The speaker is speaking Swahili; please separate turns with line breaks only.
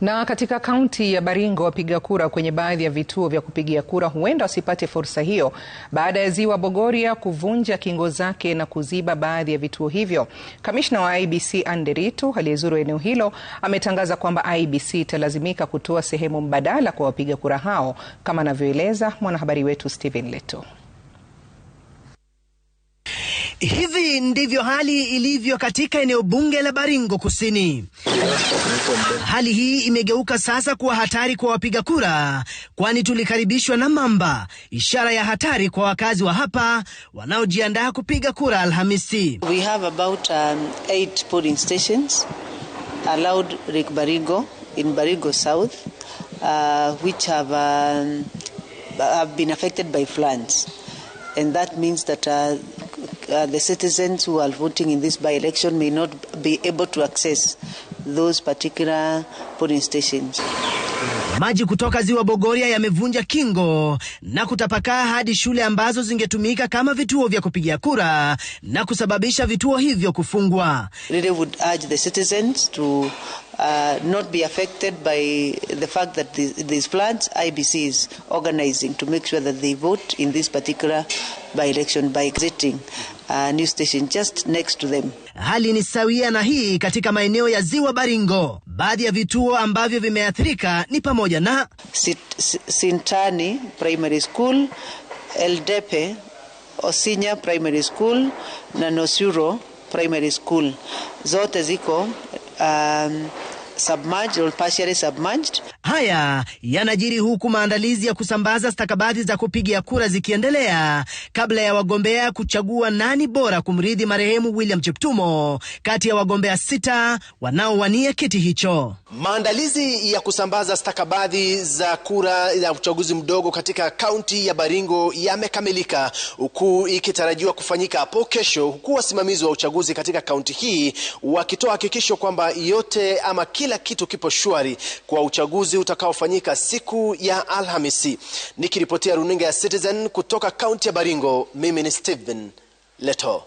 Na katika kaunti ya Baringo wapiga kura kwenye baadhi ya vituo vya kupigia kura huenda wasipate fursa hiyo baada ya ziwa Bogoria kuvunja kingo zake na kuziba baadhi ya vituo hivyo. Kamishna wa IEBC anderitu aliyezuru eneo hilo ametangaza kwamba IEBC italazimika kutoa sehemu mbadala kwa wapiga kura hao kama anavyoeleza mwanahabari wetu Stephen Leto.
Hivi ndivyo hali ilivyo katika eneo bunge la Baringo Kusini. Hali hii imegeuka sasa kuwa hatari kwa wapiga kura, kwani tulikaribishwa na mamba, ishara ya hatari kwa wakazi wa hapa wanaojiandaa kupiga kura Alhamisi.
We have about, um, eight polling stations allowed in South, uh, which have, um, have been affected by floods. And that means that, uh, uh, the citizens who are voting in this by-election may not be able to access those particular polling stations.
Maji kutoka ziwa Bogoria yamevunja kingo na kutapakaa hadi shule ambazo zingetumika kama vituo vya kupigia kura na kusababisha vituo hivyo kufungwa.
Really would urge the citizens to uh, not be affected by the fact that these, these floods IBC is organizing to make sure that they vote in this particular by election by exiting uh, news station just next to them.
Hali ni sawia na hii katika maeneo ya Ziwa Baringo. Baadhi ya vituo ambavyo vimeathirika ni pamoja na
Sit, Sintani Primary School, Eldepe, Osinya Primary School na Nosuro Primary School. Zote ziko um, submerged or partially submerged.
Haya yanajiri huku maandalizi ya kusambaza stakabadhi za kupiga kura zikiendelea kabla ya wagombea kuchagua nani bora kumrithi marehemu William Cheptumo kati ya wagombea sita wanaowania kiti hicho. Maandalizi ya kusambaza stakabadhi za kura ya uchaguzi mdogo katika kaunti ya Baringo yamekamilika huku ikitarajiwa kufanyika hapo kesho, huku wasimamizi wa uchaguzi katika kaunti hii wakitoa hakikisho kwamba yote ama kia kila kitu kipo shwari kwa uchaguzi utakaofanyika siku ya Alhamisi. Nikiripotia runinga ya Citizen kutoka kaunti ya Baringo, mimi ni Stephen Leto.